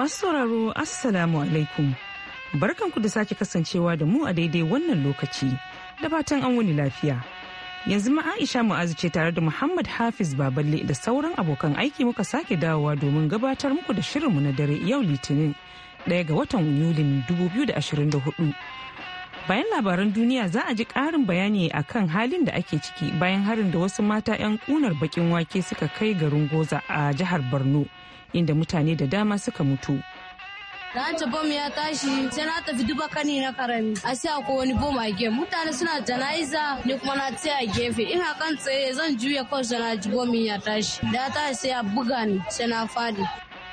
Masu sauraro Assalamu alaikum. Barkanku da sake kasancewa da mu a daidai wannan lokaci da fatan an wuni lafiya. Yanzu ma Aisha Mu'azu ce tare da Muhammad Hafiz Baballe da sauran abokan aiki muka sake dawowa domin gabatar muku da shirinmu na dare yau Litinin ɗaya ga watan Yulin 2024. Bayan labaran duniya za a ji ƙarin bayani a kan halin da ake ciki bayan harin da wasu mata 'yan ƙunar baƙin wake suka kai garin Goza a jihar Borno. inda mutane da dama suka mutu. Ranta bom ya tashi sai na tafi duba kani na karami. A sai akwai wani bom a gefe. Mutane suna janaiza ni kuma na tsaye a gefe. Ina kan tsaye zan juya kawai sai na ji bom ya tashi. Da ta sai ya buga ni sai na fadi.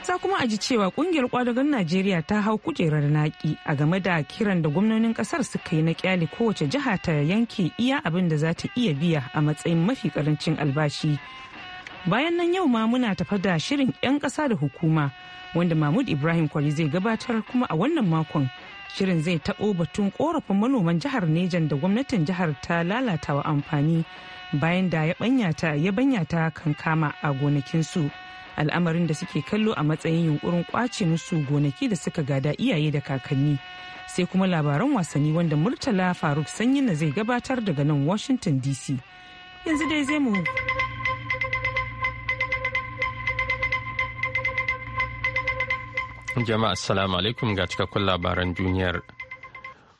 Ta kuma a ji cewa kungiyar kwadagon Najeriya ta hau kujerar naki a game da kiran da gwamnonin kasar suka yi na kyale kowace jiha ta yanke iya abin da za ta iya biya a matsayin mafi karancin albashi bayan nan yau ma muna tafa da shirin 'yan ƙasa da hukuma wanda mahmud ibrahim kwari zai gabatar kuma a wannan makon shirin zai taɓo batun ƙorafin manoman jihar nejan da gwamnatin jihar ta lalatawa amfani bayan da ya banyata ya banyata kankama a gonakinsu al'amarin da suke kallo a matsayin yunkurin kwace musu gonaki da suka gada iyaye da kakanni sai kuma labaran wasanni wanda murtala faruk sanyi na zai gabatar daga nan washington dc yanzu dai zai mu Jama'a assalamu alaikum ga cikakkun labaran duniyar.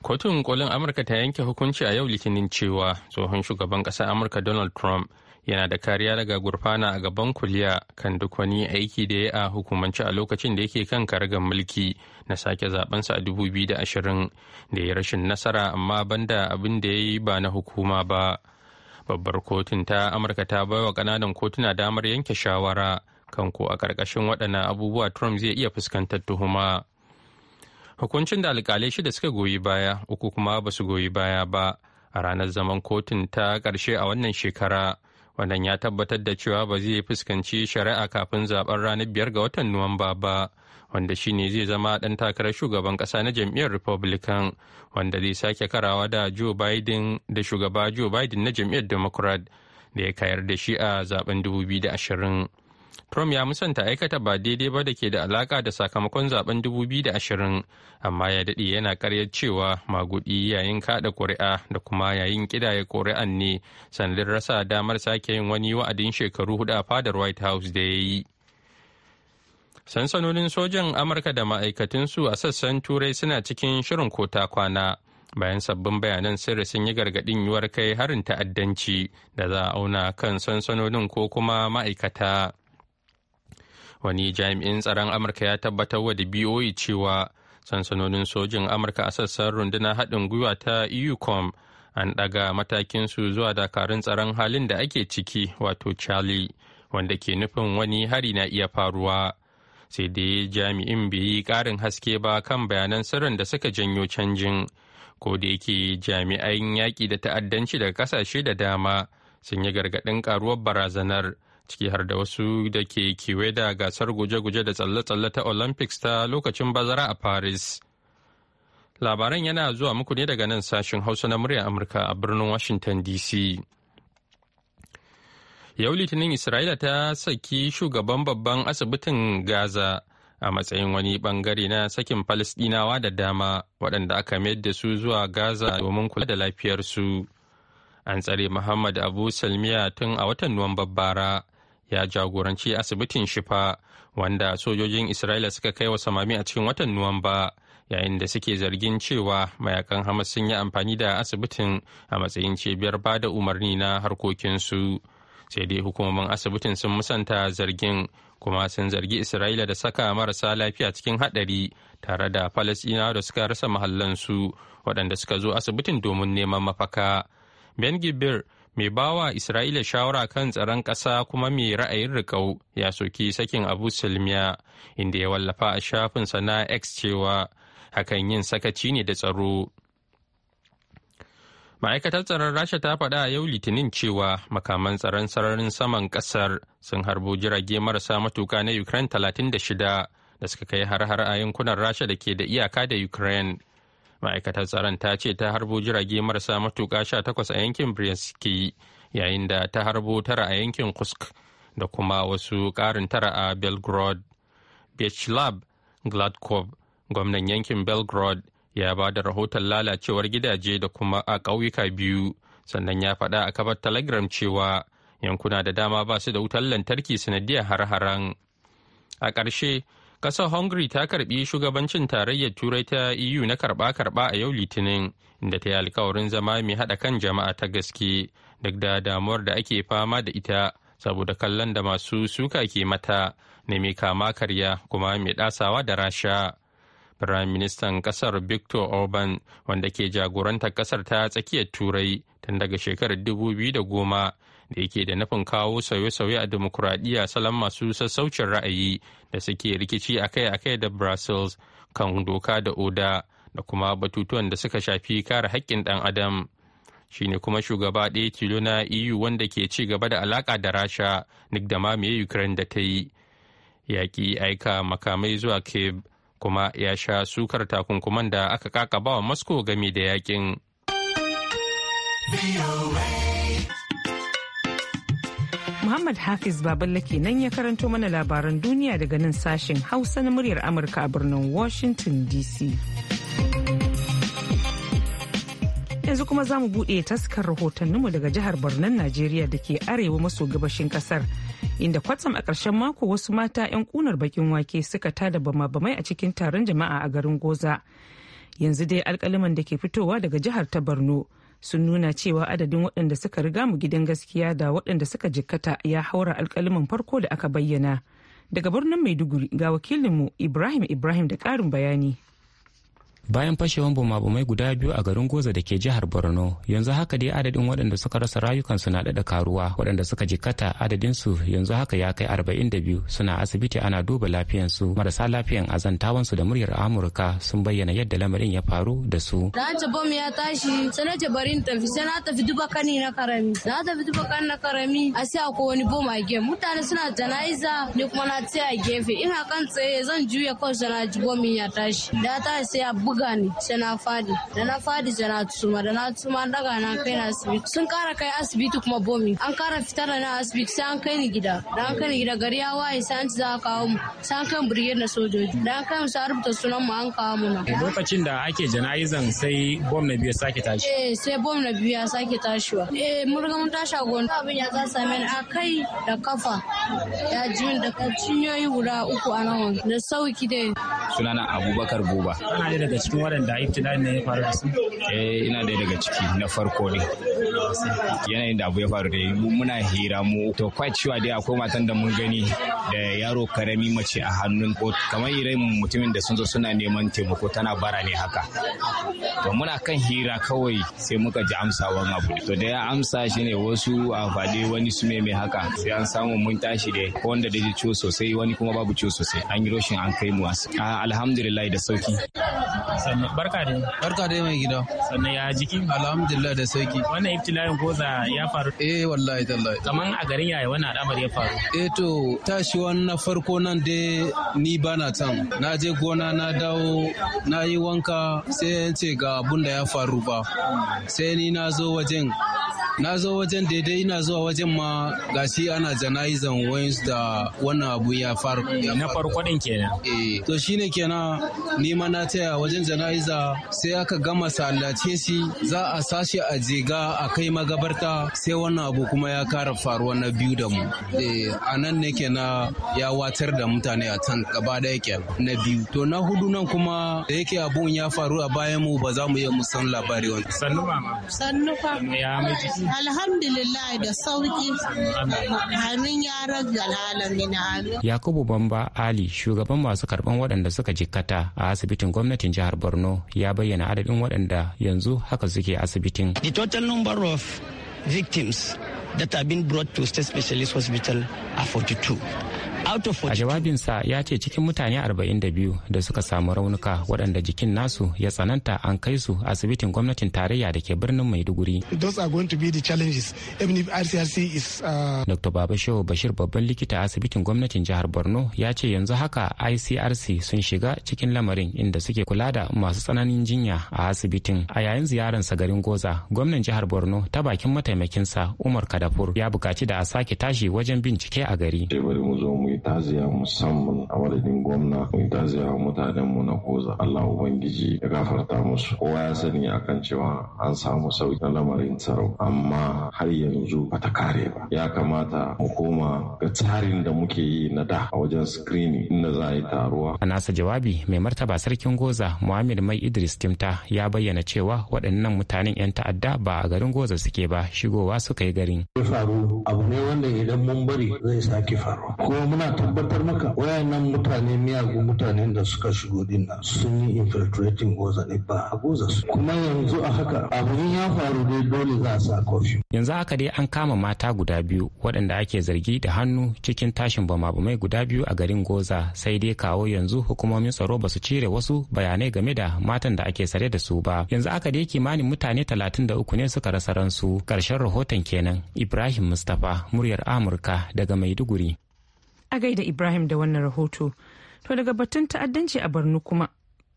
Kotun kolin Amurka ta yanke hukunci a yau litinin cewa tsohon shugaban ƙasar Amurka Donald Trump yana da kariya daga gurfana a gaban kuliya kan duk wani aiki da ya a hukumance a lokacin da yake kan karagar mulki na sake zabensa a 2020 da ya rashin nasara amma banda abin da ya yi ba na hukuma ba babbar kotun ta amurka ta baiwa kananan kotuna damar yanke shawara kanko a ƙarƙashin waɗannan abubuwa trump zai iya fuskantar tuhuma hukuncin da alkalai shida suka goyi baya uku kuma ba su goyi baya ba a ranar zaman kotun ta ƙarshe a wannan shekara wannan ya tabbatar da cewa ba zai fuskanci shari'a kafin zaben ranar biyar ga watan nuwamba ba wanda shi ne zai zama ɗan takarar shugaban ƙasa na jam'iyyar republican wanda zai sake karawa da joe biden da shugaba joe biden na jam'iyyar democrat da ya kayar da shi a zaben 2020 Trump ya musanta aikata ba daidai ba da ke da alaka da sakamakon zaben 2020 amma ya daɗe yana karyar cewa magudi yayin kada ƙuri'a da kuma yayin ƙidaya ƙuri'an ne sanadin rasa damar sake yin wani wa'adin shekaru hudu a fadar White House da ya yi. Sansanonin sojan Amurka da ma'aikatunsu a sassan Turai suna cikin shirin kota kwana. bayan sabbin bayanan sirri sun yi gargaɗin yuwar kai harin ta'addanci da za a auna kan sansanonin ko kuma ma'aikata wani jami'in tsaron amurka ya tabbatar wa da boe cewa sansanonin sojin amurka a sassan rundunar haɗin gwiwa ta eucom an ɗaga matakinsu zuwa dakarun tsaron halin da ake ciki wato charlie wanda ke nufin wani hari na iya faruwa sai dai jami'in bai yi ƙarin haske ba kan bayanan sirrin da suka janyo canjin ko da yake jami'an yaƙi da ta'addanci daga ƙasashe da dama sun yi gargaɗin ƙaruwar barazanar ciki har da wasu da ke kewaye da gasar guje-guje da tsalle-tsalle ta olympics ta lokacin bazara a paris labaran yana zuwa muku ne daga nan sashen hausa na muryar amurka a birnin washington dc yau litinin isra'ila ta saki shugaban babban asibitin gaza a matsayin wani bangare na sakin Falasɗinawa da dama waɗanda aka mayar da su zuwa Gaza domin kula da lafiyarsu. An tsare Muhammad Abu Salmiya tun a watan nuwamba bara ya jagoranci asibitin shifa wanda sojojin isra'ila suka kai wa samami a cikin watan nuwamba yayin da suke zargin cewa mayakan hamas sun yi amfani da asibitin a matsayin cibiyar ba da umarni na harkokinsu sai dai hukumomin asibitin sun musanta zargin kuma sun zargi isra'ila da saka marasa lafiya cikin haɗari tare da falasɗinawa da suka rasa mahallansu waɗanda suka zo asibitin domin neman mafaka ben gibir mai bawa Isra'ila shawara kan tsaron ƙasa kuma mai ra'ayin rikau ya soki sakin Abu Sulmiya inda ya wallafa a shafin na X cewa hakan yin sakaci ne da tsaro. Ma'aikatar tsaron Rasha ta faɗa a yau Litinin cewa makaman tsaron sararin saman ƙasar sun harbo jirage marasa matuka na Ukraine 36 da suka kai har-har a yankunan Rasha da ke da iyaka da Ukraine. ma'aikatar tsaron ta ce ta harbo jirage marasa matuƙa takwas a yankin brinski yayin da ta harbo tara a yankin kusk da kuma wasu ƙarin tara a belgrade bechlab gladkov gwamnan yankin belgrade ya ba da rahoton lalacewar gidaje da kuma a ƙauyuka biyu sannan ya faɗa a kafar telegram cewa yankuna da dama ba su da wutar lantarki sanadiyar har-haren a ƙarshe kasar Hungary ta karbi shugabancin tarayyar Turai ta EU na karba-karba a yau Litinin, inda ta yi alkawarin zama mai haɗa kan jama'a ta gaske, duk da damuwar da ake fama da ita saboda kallon da masu suka ke mata na mai kama karya kuma mai ɗasawa da rasha. Firaministan kasar Victor Orban, wanda ke jagorantar kasar ta tsakiyar Turai tun daga shekarar 2010 da yake da nufin kawo sauye-sauye a demokuraɗiyya salon masu sassaucin ra'ayi da suke rikici akai-akai da brussels kan doka da oda da kuma batutuwan da suka shafi kare haƙƙin ɗan adam shi ne kuma shugaba ɗaya tilo na eu wanda ke ci gaba da alaƙa da rasha duk da mamaye ukraine da ta yi yaƙi aika makamai zuwa kiev kuma ya sha sukar takunkuman da aka kakaba wa moscow game da yaƙin. Muhammad Hafiz Baballe nan ya karanto mana labaran duniya daga nan sashen Hausa na muryar Amurka a birnin Washington DC. Yanzu kuma za mu buɗe taskar rahotanninmu daga jihar Barnan Najeriya da ke arewa maso gabashin kasar. Inda kwatsam a ƙarshen mako wasu mata 'yan ƙunar bakin wake suka tada bama-bamai a cikin taron jama'a a garin Goza. Yanzu dai alkaliman da ke fitowa daga jihar ta Borno sun nuna cewa adadin waɗanda suka riga mu gidan gaskiya da waɗanda suka jikkata ya haura alkalimin farko da aka bayyana daga birnin maiduguri ga wakilinmu ibrahim ibrahim da ƙarin bayani bayan fashewan bumabumai guda biyu a garin goza da ke jihar borno yanzu haka dai adadin waɗanda suka rasa rayukansu na ɗaɗa karuwa waɗanda suka jikata adadinsu yanzu haka ya kai arba'in da biyu suna asibiti ana duba lafiyansu marasa lafiyan azantawansu da muryar amurka sun bayyana yadda lamarin ya faru da su na ce bom ya tashi sai na ce bari in tafi sai na tafi duba kani na karami na tafi duba kani na karami a sai ko wani bom a gefe mutane suna janaiza ni kuma na tsaye a gefe ina kan tsaye zan juya kawai sai na ci bom ya tashi da tashi sai a buga buga ne sai na fadi da na fadi sai na tsuma da na tsuma an daga na kai na asibiti sun kara kai asibiti kuma bomi an kara fitar da na asibiti sai an kai ni gida da an kai ni gida gari ya waye sai an ci za a kawo mu sai an kai mu brigade na sojoji da an kai mu sai an rubuta sunan mu an kawo mu na. Eh, lokacin da ake jana'izan sai bom na biyu sake tashi. eh sai bom na biyu ya sake tashiwa. eh mun riga mun tashi a gona abin ya za same ni a kai da kafa ya ji da cinyoyi guda uku a nan da sauki dai. sunana abubakar buba. kana daga cikin waɗanda ibtila'in ne ya faru da su? Eh ina ɗaya daga ciki na farko ne. Yanayin da abu ya faru da muna hira mu to quite sure dai akwai matan da mun gani da yaro karami mace a hannun ko kamar irin mutumin da sun zo suna neman taimako tana bara ne haka. To muna kan hira kawai sai muka ji amsawan abu. To da ya amsa shi ne wasu a faɗi wani su mai haka sai an samu mun tashi da ko wanda da ciwo sosai wani kuma babu ciwo sosai an yi roshin an kai mu alhamdulillah da sauki. sannan barka da barka da mai gida sannan ya jiki alhamdulillah da sauki wannan ibtila'in goza ya faru eh wallahi tallahi kaman a garin yaya wannan al'amari ya faru eh to tashi wannan farko nan dai ni bana can na je gona na dawo na yi wanka sai ce ga abun da ya faru ba sai ni na zo wajen na zo wajen daidai ina zuwa wajen ma gashi ana jana'izan wayansu da wannan abu ya faru na farko din kenan eh to shine kenan ni ma na taya wajen jana'iza sai aka gama sallace shi za a sashi a jega a kai magabarta sai wannan abu kuma ya kara faruwa na biyu da mu eh a nan ne kenan ya watar da mutane a can gaba daya kenan na biyu to na hudu nan kuma da yake abun ya faru a bayan mu ba za mu iya mu san labari wani sannu mama sannu fa ya miji Alhamdulillah da sauki. Amin ya na alamin. Yakubu Bamba Ali shugaban masu karban waɗanda suka jikkata a asibitin gwamnatin jihar Borno ya bayyana adadin waɗanda yanzu haka suke asibitin. The total number of victims that have been brought to state specialist hospital are 42. a jawabinsa ya ce cikin mutane 42 da suka samu raunuka waɗanda jikin nasu ya tsananta an kai su asibitin gwamnatin tarayya da ke birnin maiduguri uh, dr babashewa bashir babban likita asibitin gwamnatin jihar borno ya ce yanzu haka icrc sun shiga cikin lamarin inda suke kula da masu tsananin jinya a asibitin a yayin ziyararsa garin goza gwamnan jihar borno ta bakin mataimakinsa umar kadafur ya bukaci da a sake tashi wajen bincike a gari eh, taziya musamman a wadadin gwamna mai taziya mutanen mu na koza Allah ubangiji ya gafarta musu kowa ya sani akan cewa an samu sauki na lamarin tsaro amma har yanzu ba ta kare ba ya kamata mu koma ga tsarin da muke yi na da a wajen screening inda za a yi taruwa a nasa jawabi mai martaba sarkin goza muhammad mai idris timta ya bayyana cewa waɗannan mutanen 'yan ta'adda ba a garin goza suke ba shigowa suka yi garin faru abu ne wanda idan mun bari zai sake faruwa. kuma muna ina tabbatar maka wayannan mutane miyagun mutanen da suka shigo din nan sun yi infiltrating goza ne ba a goza su kuma yanzu a haka abin ya faru dai dole za a sa kofi yanzu haka dai an kama mata guda biyu waɗanda ake zargi da hannu cikin tashin bama-bamai guda biyu a garin goza sai dai kawo yanzu hukumomin tsaro ba su cire wasu bayanai game da matan da ake sare da su ba yanzu aka dai kimanin mutane talatin da uku ne suka rasa ransu karshen rahoton kenan ibrahim mustapha muryar amurka daga maiduguri a gaida ibrahim da wannan rahoto to daga batun ta'addanci a barnu kuma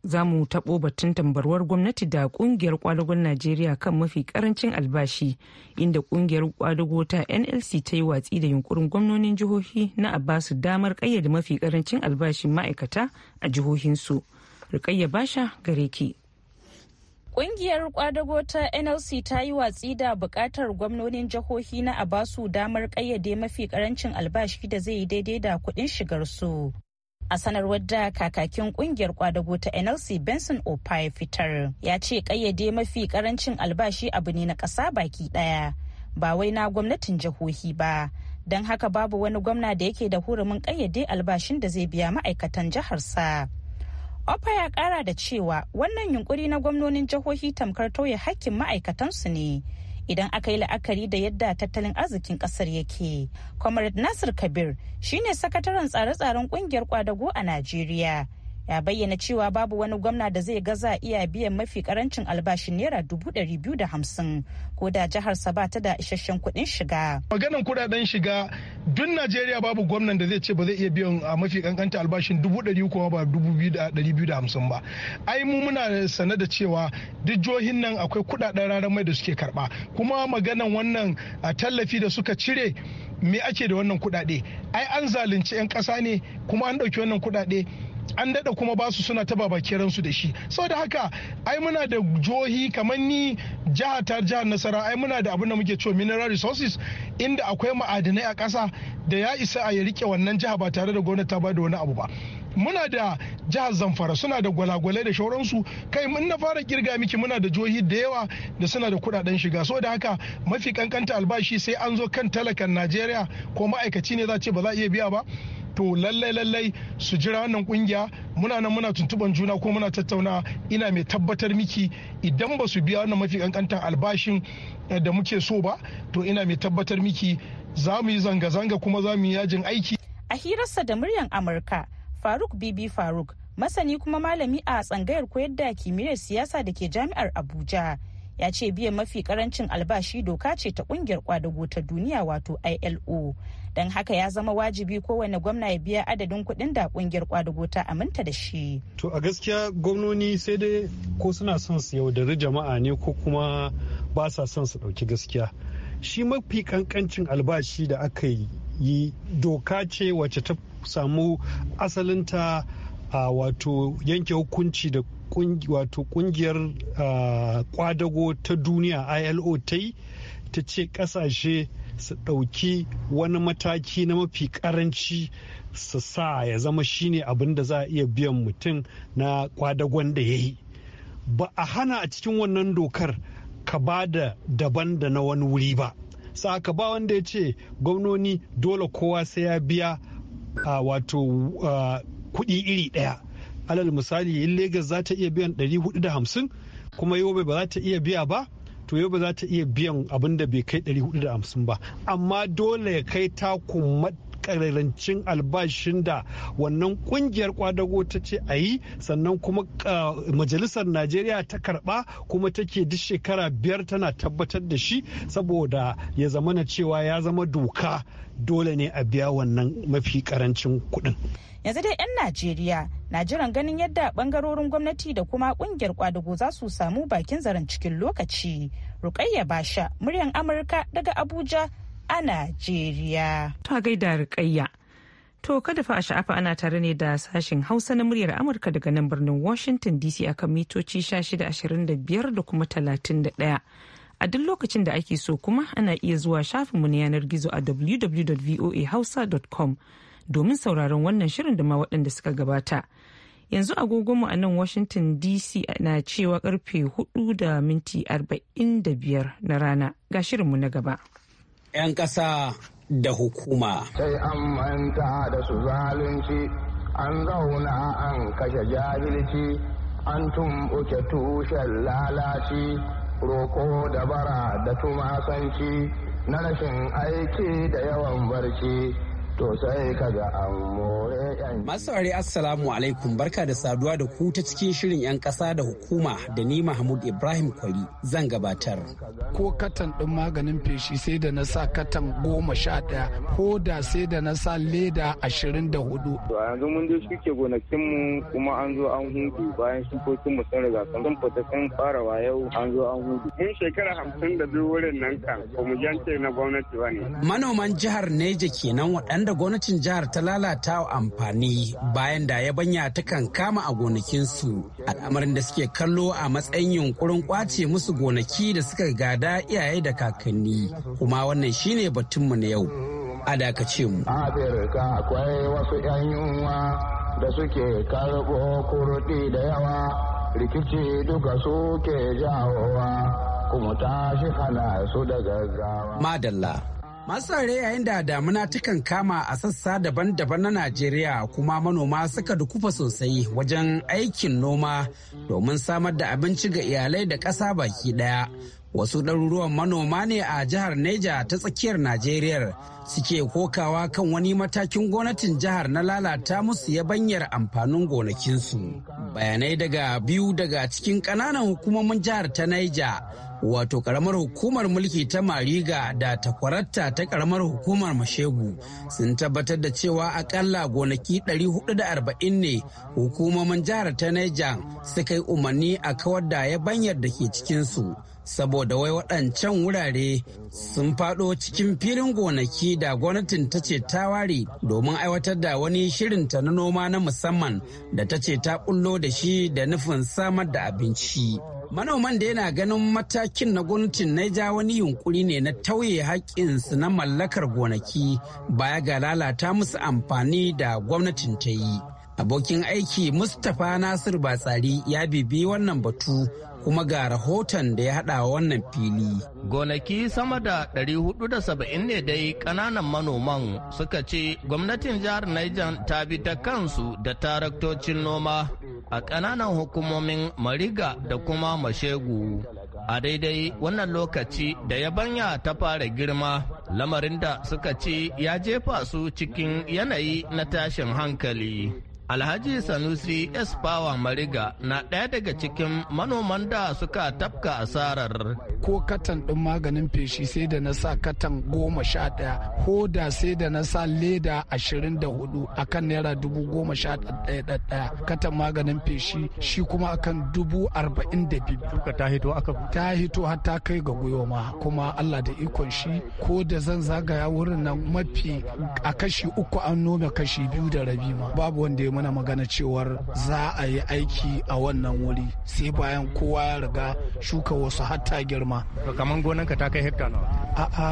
za mu taɓo batun tambarwar gwamnati da ƙungiyar kwadagon najeriya kan mafi ƙarancin albashi inda ƙungiyar ƙwadago ta nlc ta yi watsi da yunkurin gwamnonin jihohi na a ba damar ƙayyade mafi ƙarancin albashin ma'aikata a jihohinsu Rukayya basha gare ki Ƙungiyar ƙwadago ta NLC ta yi watsi da buƙatar gwamnonin jihohi na a basu damar ƙayyade mafi ƙarancin albashi da zai yi daidai da kuɗin su. a sanarwar da kakakin ƙungiyar ƙwadago ta nlc benson opai fitar ya ce ƙayyade mafi ƙarancin albashi abu ne na ƙasa baki ɗaya ba wai na gwamnatin jihohi ba don haka babu wani gwamna da yake da hurumin ƙayyade albashin da zai biya ma'aikatan jiharsa Opa ya kara da cewa wannan yunkuri na gwamnonin jihohi tamkar tauye hakkin ma'aikatansu ne idan aka yi la'akari da yadda tattalin arzikin kasar yake. Comrade Nasir Kabir shine sakataren tsare-tsaren kungiyar kwadago a Najeriya. ya bayyana cewa babu wani gwamna da zai gaza iya biyan mafi karancin albashin naira dubu ɗari biyu da hamsin ko da sa ba ta da isasshen kuɗin shiga. maganan kuɗaɗen shiga duk najeriya babu gwamnan da zai ce ba zai iya biyan a ah, mafi kankanta albashin dubu ɗari kuma ba dubu biyu da hamsin ba ai mu muna sane da cewa duk jihohin nan akwai kuɗaɗen ranar mai da suke karba kuma maganan wannan ah, tallafi da suka cire me ake da wannan kuɗaɗe ai an zalunci 'yan kasa ne kuma an ɗauki wannan kuɗaɗe an dada kuma ba su suna taba ransu da shi saboda haka ai muna da johi kamar ni jiha ta jihar nasara ai muna da abin da muke cewa mineral resources inda akwai ma'adinai a ƙasa da ya isa a ya rike wannan jiha ba tare da gwamnati ta ba da wani abu ba muna da jihar zamfara suna da gwalagwalai da shauransu kai mun na fara kirga miki muna da johi da yawa da suna da kudaden shiga Sau da haka mafi kankanta albashi sai an zo kan talakan najeriya ko ma'aikaci ne za ce ba za a iya biya ba to lallai lallai su jira wannan kungiya muna nan muna tuntuban juna ko muna tattauna ina mai tabbatar miki idan ba su biya wannan mafi kankantan albashin eh, da muke so ba to ina mai tabbatar miki za mu yi zanga-zanga kuma za mu yi yajin aiki a hirarsa da muryan amurka faruk bibi faruk masani kuma malami a tsangayar koyar da kimiyyar siyasa da ke jami'ar abuja ya ce biyan mafi karancin albashi doka ce ta kungiyar kwadago ta duniya wato ilo don haka ya zama wajibi kowane gwamna ya biya adadin kuɗin da kungiyar kwadago ta aminta da shi to a gaskiya gwamnoni sai dai ko suna son su yaudari jama'a ne ko kuma ba sa son su ɗauki gaskiya shi mafi kankancin albashi da aka yi doka ce wacce ta samu asalinta a wato yanke hukunci da wato kungiyar kwadago ta duniya ilo ta yi ta ce kasashe su ɗauki wani mataki na mafi karanci su sa ya zama shine abin da za a iya biyan mutum na kwadagon da ya yi ba a hana a cikin wannan dokar ka ba da daban da na wani wuri ba saka ba wanda ya ce gwamnoni dole kowa sai ya biya a wato kuɗi iri ɗaya alal misali in Legas za ta iya biyan 450 kuma yobe ba za ta iya biya ba to yobe za ta iya biyan abin da bai kai 450 ba amma dole ya kai takun ƙararrancin albashin da wannan ƙungiyar kwadago ta ce a yi sannan kuma majalisar najeriya ta karɓa kuma take duk shekara biyar tana tabbatar da shi saboda ya zama na cewa ya zama doka dole ne a biya wannan mafi karancin kuɗin. yanzu dai 'yan najeriya na jiran ganin yadda bangarorin gwamnati da kuma kungiyar kwadago za su samu bakin zaren cikin lokaci rukayya basha muryan amurka daga abuja a najeriya ta gaida rukayya to kada fa a sha'afa ana tare ne da sashen hausa na muryar amurka daga nan birnin washington dc akan mitoci 1625 da biyar da kuma 31 a duk lokacin da ake so kuma ana iya zuwa shafinmu na yanar gizo a www.voahausa.com domin sauraron wannan shirin da ma waɗanda suka gabata. Yanzu agogonmu a nan Washington DC na cewa karfe 4 da minti 45 na rana ga shirinmu na gaba. 'Yan ƙasa da hukuma. Sai an manta da su zalunci, an zauna an kashe jahilci, an tumɓuke tushen lalaci, roko da bara da tumasanci, na rashin aiki da yawan barci. to sai an more yan. Masu saurari Assalamu alaikum barka da saduwa da ku ta cikin shirin 'yan ƙasa da hukuma da ni Mahmud Ibrahim Kwari zan gabatar. Ko katan ɗin maganin feshi sai da na sa katan goma sha ɗaya ko da sai da na sa leda ashirin da hudu. yanzu mun je shuke gonakinmu kuma an zo an hudu bayan shukokinmu sun riga sun fita sun fara yau an zo an hudu. Mun shekara hamsin da biyu wurin nan kan ba mu yanke na gwamnati ba ne. Manoman jihar Neja kenan waɗanda wanda gwamnatin jihar ta lalata wa amfani bayan da yabanya ta kan kama a gonakinsu al'amarin da suke kallo a matsayin yunkurin kwace musu gonaki da suka gada iyaye da kakanni kuma wannan shine batunmu na yau a dakace mu akwai wasu 'yan yunwa da suke karbo kurɗi da yawa rikici duka suke jawowa kuma tashi hana su da gaggawa madalla Masu yayin da damuna tukan kama a sassa daban-daban na Najeriya kuma manoma suka dukufa sosai wajen aikin noma domin samar da abinci ga iyalai da ƙasa baki ɗaya. Wasu ɗaruruwan manoma ne a jihar Neja ta tsakiyar Najeriya. suke kokawa kan wani matakin gwamnatin jihar na lalata musu yabanyar amfanin gonakinsu. Bayanai daga biyu daga cikin ƙananan hukumomin jihar ta Naija, wato ƙaramar hukumar mulki ta Mariga da takwaratta ta ƙaramar hukumar Mashegu sun tabbatar da cewa akalla gonaki 440 ne hukumomin jihar ta Naija suka yi umarni a kawar da yabanyar da ke cikinsu. Saboda wai waɗancan wurare sun faɗo cikin filin gonaki da gwamnatin ta ce ta ware domin aiwatar da wani shirin ta na noma na musamman da ta ce ta kullo da shi da nufin samar da abinci. Manoman da yana ganin matakin na gwamnatin na ja wani yunkuri ne na tauye haƙƙinsu na mallakar gonaki baya ga lalata musu amfani da gwamnatin ta yi. Abokin aiki Mustapha Nasir Batsari ya bibi wannan batu kuma ga rahoton da ya haɗa wannan fili. Gonaki sama da 470 ne dai ƙananan manoman suka ce gwamnatin jihar Niger ta bi ta kansu da taraktocin noma a ƙananan hukumomin Mariga da kuma Mashegu. A daidai wannan lokaci da ya banya ta fara girma, lamarin da suka ce ya jefa su cikin yanayi na tashin hankali. Alhaji Sanusi S. Power Mariga na ɗaya daga cikin manoman da suka tafka asarar. Ko katan ɗin maganin feshi sai da na sa katan goma sha ɗaya, ko da sai da na sa leda ashirin da hudu a kan naira dubu goma sha ɗaya ɗaya, katan maganin feshi shi kuma a kan dubu arba'in da biyu. ta hito aka Ta hito har ta kai ga gwiwa ma, kuma Allah da ikon shi ko da zan zagaya wurin nan mafi a kashi uku an nome kashi biyu da rabi ma, babu wanda ya Mana magana cewar za a yi aiki a wannan wuri sai bayan kowa ya riga shuka wasu hatta girma kamar gonanka ta kai hekta nawa a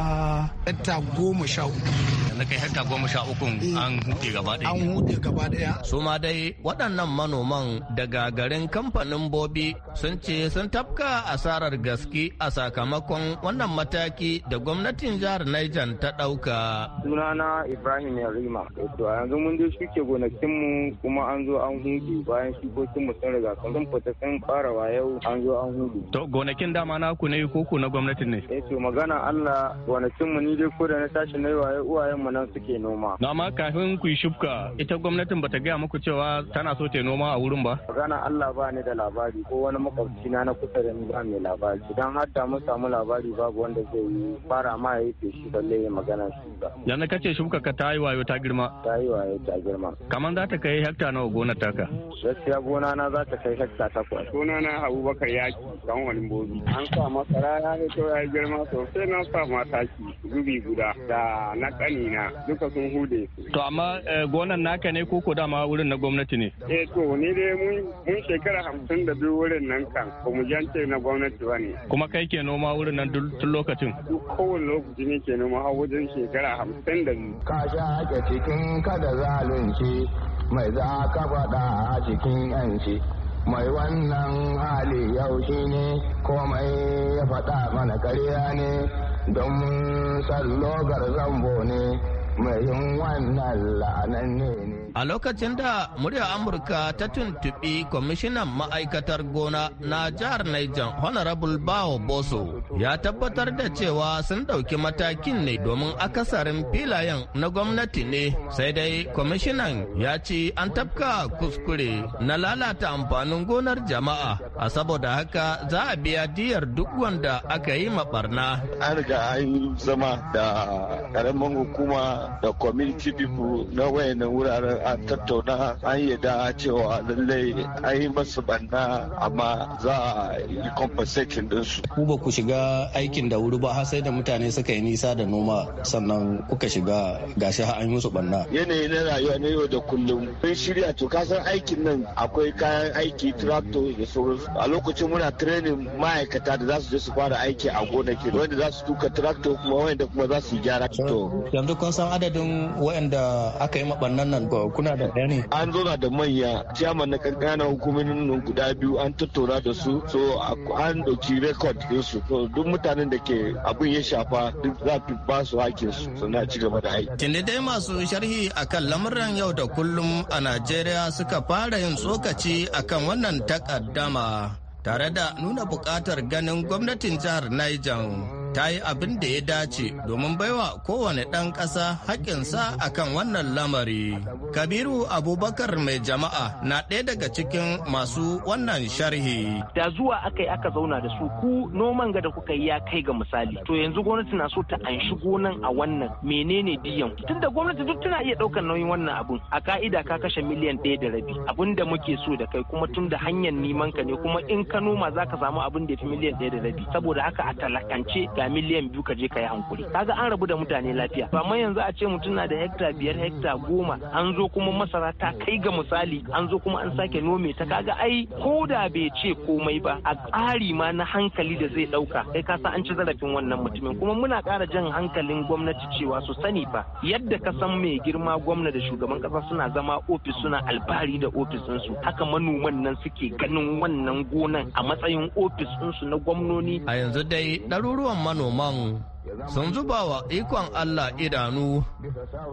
hekta goma sha uku na kai hekta goma sha uku eh, an hude gaba ɗaya an hude gaba ɗaya su ma dai waɗannan manoman daga garin kamfanin bobi sun ce sun tafka asarar gaske a sakamakon wannan mataki da gwamnatin jihar Niger ta ɗauka. Sunana Ibrahim Yarima. To yanzu mun je shuke gonakinmu kuma an zo an hudu bayan shukokin mu sun riga sun fita sun fara yau an zo an hudu. To gonakin dama na ku ne ko ku na gwamnatin ne? Eh to magana Allah gonakin mu ni dai ko da na tashi na waye uwayen mu nan suke noma. Na ma kafin ku yi shubka ita gwamnatin bata gaya muku cewa tana so ta noma a wurin ba? Magana Allah ba ni da labari ko wani makwabci na na kusa da ni ba mai labari. Idan har da mun samu labari babu wanda zai yi fara ma ya yi shi balle magana ba. Yanzu kace shuka ka ta yi wayo ta girma? Ta yi wayo ta girma. Kamar za ta kai kai hekta nawa gona taka gaskiya gona na za ta kai hekta takwas gona na abubakar ya dan wani bozu an sa masara ya to ya girma sosai na sa mata ki zubi guda da na kani na duka sun hude su to amma eh, gonan naka ne koko dama wurin na gwamnati ne eh to ni dai mun shekara hamsin da biyu wurin nan kan ba mu jance na gwamnati ba ne kuma kai ke noma wurin nan tun lokacin duk kowane lokaci ne ke noma har wajen shekara hamsin da biyu ka sha ake cikin kada zalunci mai za ka faɗa a cikin yanci mai wannan hali yau shi ne komai ya faɗa mana karya ne don sallogar zambo ne mai yin wannan la'anan ne A lokacin da muryar Amurka ta tuntuɓi kwamishinan ma'aikatar gona na jihar Niger Honorable Bawo Boso ya tabbatar da cewa sun ɗauki matakin ne domin akasarin filayen na gwamnati ne sai dai kwamishinan ya ci an tafka kuskure na lalata amfanin gonar jama'a a saboda haka za a biya diyar duk wanda aka yi maɓarna. An riga an zama da ƙaramin hukuma da community people na wayannan wuraren a tattauna an yada cewa lallai an yi masu banna amma za a yi compensation dinsu. Ku ba ku shiga aikin da wuri ba har sai da mutane suka yi nisa da noma sannan kuka shiga gashi har an yi musu banna. Yanayi na rayuwa na yau da kullum mun shirya to ka san aikin nan akwai kayan aiki tractor da sauransu a lokacin muna training ma'aikata da za su je su fara aiki a gonaki wanda za su tuka tractor kuma wanda kuma za su gyara. Yanzu kun san adadin waɗanda aka yi maɓannan nan kuna da ɗaya ne an zo da manya jaman na kankanan hukumomin guda biyu an tattauna da su so an ɗauki record su so duk mutanen da ke abin ya shafa duk za su ba su hakin su sannan ci gaba da aiki. Tunda dai masu sharhi akan lamuran yau da kullum a Najeriya suka fara yin tsokaci akan wannan takaddama. tare da nuna bukatar ganin gwamnatin jihar Niger ta yi abin da ya dace domin baiwa kowane ɗan ƙasa haƙƙinsa a kan wannan lamari. Kabiru Abubakar mai jama'a na ɗaya daga cikin masu wannan sharhi. Da zuwa aka yi aka zauna da su ku noman ga da kuka yi ya kai ga misali. To yanzu gwamnati na so ta anshi gonan a wannan menene biyan. da gwamnati duk tana iya ɗaukar nauyin wannan abun. A ka'ida ka kashe miliyan ɗaya da rabi. abun da muke so da kai kuma tun da hanyar neman ka ne kuma in ka ka noma za samu abin da ya fi miliyan ɗaya da rabi saboda haka a talakance ga miliyan biyu ka je ka yi hankuri kaga an rabu da mutane lafiya amma yanzu a ce mutum na da hekta biyar hekta goma an zo kuma masara ta kai ga misali an zo kuma an sake nome ta kaga ai ko da bai ce komai ba a ƙari ma na hankali da zai ɗauka kai ka san an ci zarafin wannan mutumin kuma muna ƙara jan hankalin gwamnati cewa su sani fa yadda ka san mai girma gwamna da shugaban ƙasa suna zama ofis suna albari da ofisinsu haka manoman nan suke ganin wannan gonan a matsayin ofis su na gwamnoni. A yanzu dai ɗaruruwan manoman sun zuba wa ikon Allah idanu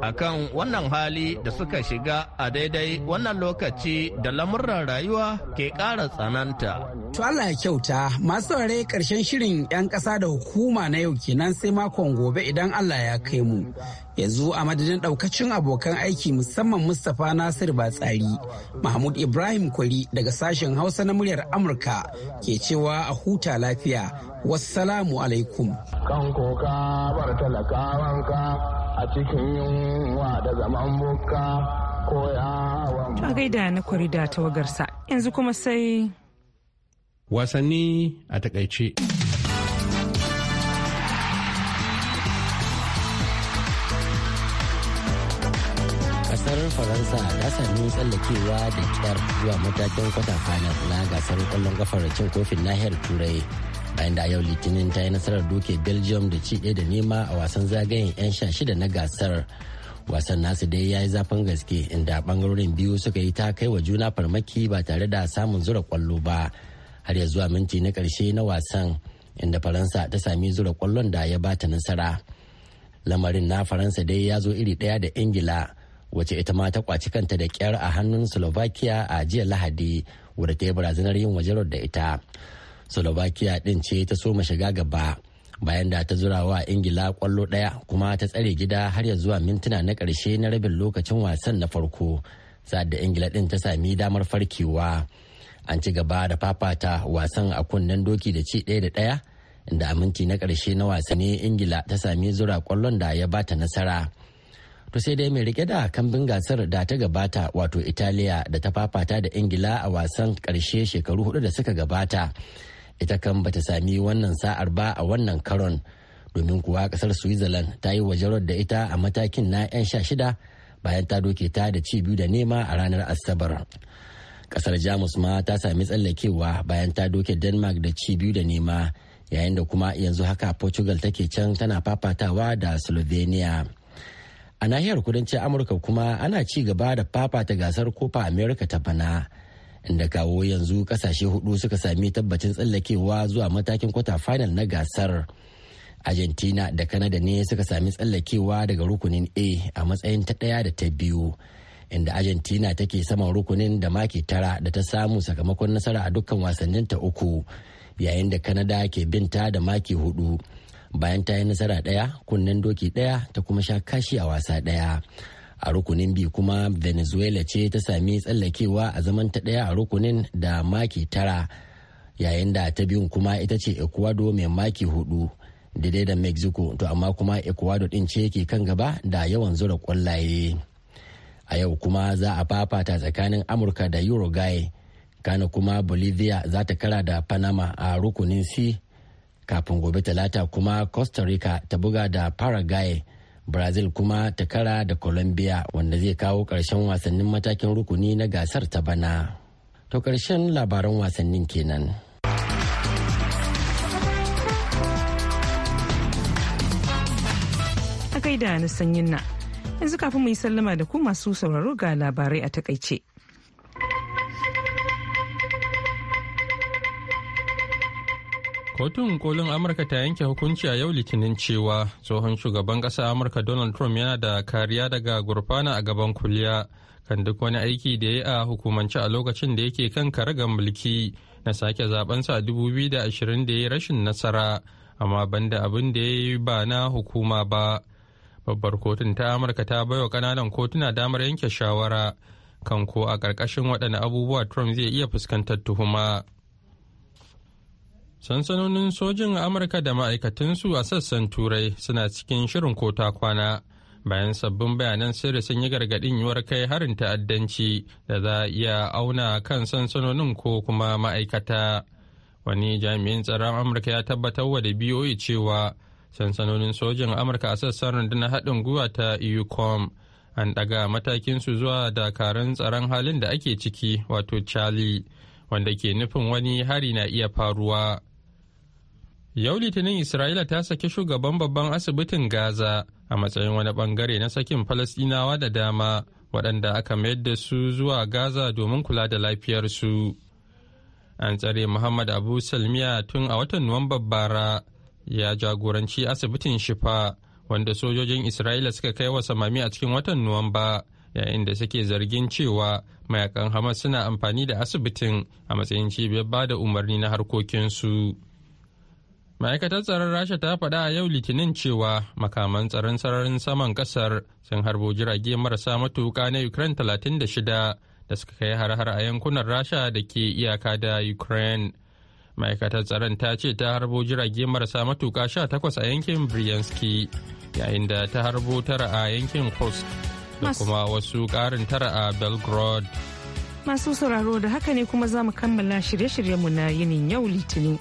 a kan wannan hali da suka shiga a daidai wannan lokaci da lamurran rayuwa ke ƙara tsananta. To Allah ya kyauta masu saurare ƙarshen shirin 'yan ƙasa da hukuma na yau kenan sai makon gobe idan Allah ya kai mu. yanzu a madadin daukacin abokan aiki musamman mustapha nasir batsari mahmud ibrahim kwari daga sashen hausa na muryar amurka ke cewa a huta lafiya wassalamu alaikum kan koka bar talakawanka a cikin yunwa da zaman ko na kwari da tawagarsa yanzu kuma sai wasanni a takaice faransa ta sami tsallakewa da kyar zuwa matakin kwata final na gasar kwallon kafar cin kofin nahiyar turai bayan da yau litinin ta yi nasarar doke belgium da ci da nema a wasan zagayen 'yan sha shida na gasar wasan nasu dai ya yi zafin gaske inda bangarorin biyu suka yi ta kai wa juna farmaki ba tare da samun zura kwallo ba har ya zuwa minti na karshe na wasan inda faransa ta sami zura kwallon da ya bata nasara lamarin na faransa dai ya zo iri daya da ingila wace ita ma ta kwaci kanta da kyar a hannun slovakia a jiya lahadi wadda ta yi barazanar yin wajerar da ita slovakia din ce ta soma shiga gaba bayan da ta zura wa ingila kwallo daya kuma ta tsare gida har ya zuwa mintuna na karshe na rabin lokacin wasan na farko sa'ad da ingila din ta sami damar farkewa an ci gaba da fafata wasan a kunnen doki da ci ɗaya da ɗaya inda a minti na karshe na wasa ne ingila ta sami zura kwallon da ya bata nasara to sai dai mai rike da kambin gasar da ta gabata wato italiya da ta fafata da ingila a wasan karshe shekaru hudu da suka gabata ita kan bata sami wannan sa'ar ba a wannan karon domin kuwa kasar switzerland ta yi wajarar da ita a matakin na 'yan sha shida bayan ta doke ta da ci biyu da nema a ranar asabar kasar jamus ma ta sami tsallakewa bayan ta doke denmark da ci biyu da nema yayin da kuma yanzu haka portugal take can tana fafatawa da slovenia a nahiyar kudancin amurka kuma ana ci gaba da fafata gasar kofa america ta bana inda kawo yanzu kasashe hudu suka sami tabbacin tsallakewa zuwa matakin kwata final na gasar argentina da Kanada ne suka sami tsallakewa daga rukunin a a matsayin ta daya da ta biyu inda argentina take saman rukunin da maki tara da ta samu sakamakon nasara a dukkan wasannin ta uku yayin da Kanada ke binta da maki hudu bayan ta yi nasara ɗaya kunnen doki ɗaya ta kuma sha kashi a wasa ɗaya a rukunin biyu kuma venezuela ce ta sami tsallakewa a zaman ta ɗaya a rukunin da maki tara yayin da ta biyun kuma ita ce ecuador mai maki hudu daidai da mexico to amma kuma ecuador din ce ke kan gaba da yawan zura kwallaye a yau kuma za a fafata tsakanin amurka da uruguay kana kuma bolivia za ta kara da panama a rukunin c kafin gobe talata kuma costa rica ta buga da paraguay brazil kuma ta kara da colombia wanda zai kawo ƙarshen wasannin matakin rukuni na gasar ta bana to karshen labaran wasannin kenan a da na sanyin na yanzu kafin mu yi sallama da ku masu sauraro ga labarai a takaice Kotun kolin Amurka ta yanke hukunci a yau litinin cewa tsohon shugaban ƙasa Amurka Donald Trump yana da kariya daga gurfana a gaban kuliya kan duk wani aiki da ya yi a hukumance a lokacin da yake kan karagar mulki na sake zabensa a 2020 da ya yi rashin nasara amma banda abin da ya yi ba na hukuma ba. Babbar kotun ta Amurka ta baiwa ƙananan kotuna damar yanke shawara kan ko a ƙarƙashin waɗanne abubuwa Trump zai iya fuskantar tuhuma. sansanonin sojin amurka da ma'aikatansu a sassan turai suna cikin shirin kota kwana bayan sabbin bayanan sirri sun yi gargaɗin yiwuwar kai harin ta'addanci da za a iya auna kan sansanonin ko kuma ma'aikata wani jami'in tsaron amurka ya tabbatar wa da biyoyi e cewa sansanonin sojin amurka a sassan rundunar haɗin gwiwa ta eucom an ɗaga matakinsu zuwa dakarun tsaron halin da ake ciki wato charlie wanda ke nufin wani hari na iya faruwa Yau Litinin Isra'ila ta saki shugaban babban asibitin Gaza a matsayin wani bangare na sakin Falasɗinawa da dama waɗanda aka mayar da su zuwa Gaza domin kula da lafiyarsu. An tsare Muhammad Abu Salmiya tun a watan nuwamba bara ya jagoranci asibitin Shifa wanda sojojin Isra'ila suka kai wa samami a cikin watan Nuwamba yayin da suke zargin cewa mayakan Hamas suna amfani da asibitin a matsayin cibiyar bada umarni na harkokinsu. ma'aikatar tsaron rasha ta faɗa a yau litinin cewa makaman tsaron sararin saman ƙasar sun harbo jirage marasa matuƙa na ukraine talatin da shida da suka kai har-har a yankunan rasha da ke iyaka da ukraine ma'aikatar tsaron ta ce ta harbo jirage marasa matuka takwas a yankin bryanski yayin da ta harbo tara a yankin kursk da kuma wasu karin tara a belgrade masu sauraro da haka ne kuma za mu kammala shirye-shiryenmu na yinin yau litinin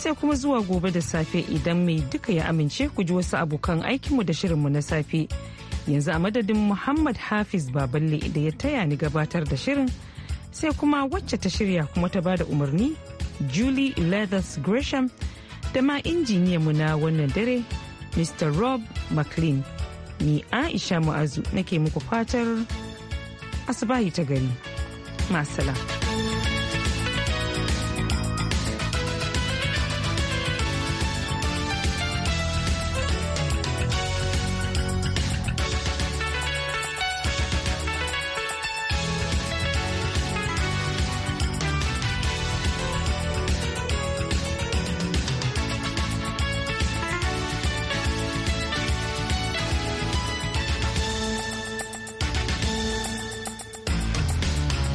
sai kuma zuwa gobe da safe idan mai duka ya amince ku ji wasu abokan aikinmu da shirinmu na safe yanzu a madadin muhammad hafiz baballe da ya taya ni gabatar da shirin sai kuma wacce ta shirya kuma ta bada umarni julie leathers gresham da ma mu na wannan dare mr rob mclean ni aisha mu'azu nake muku fatar asibahi ta gari masala.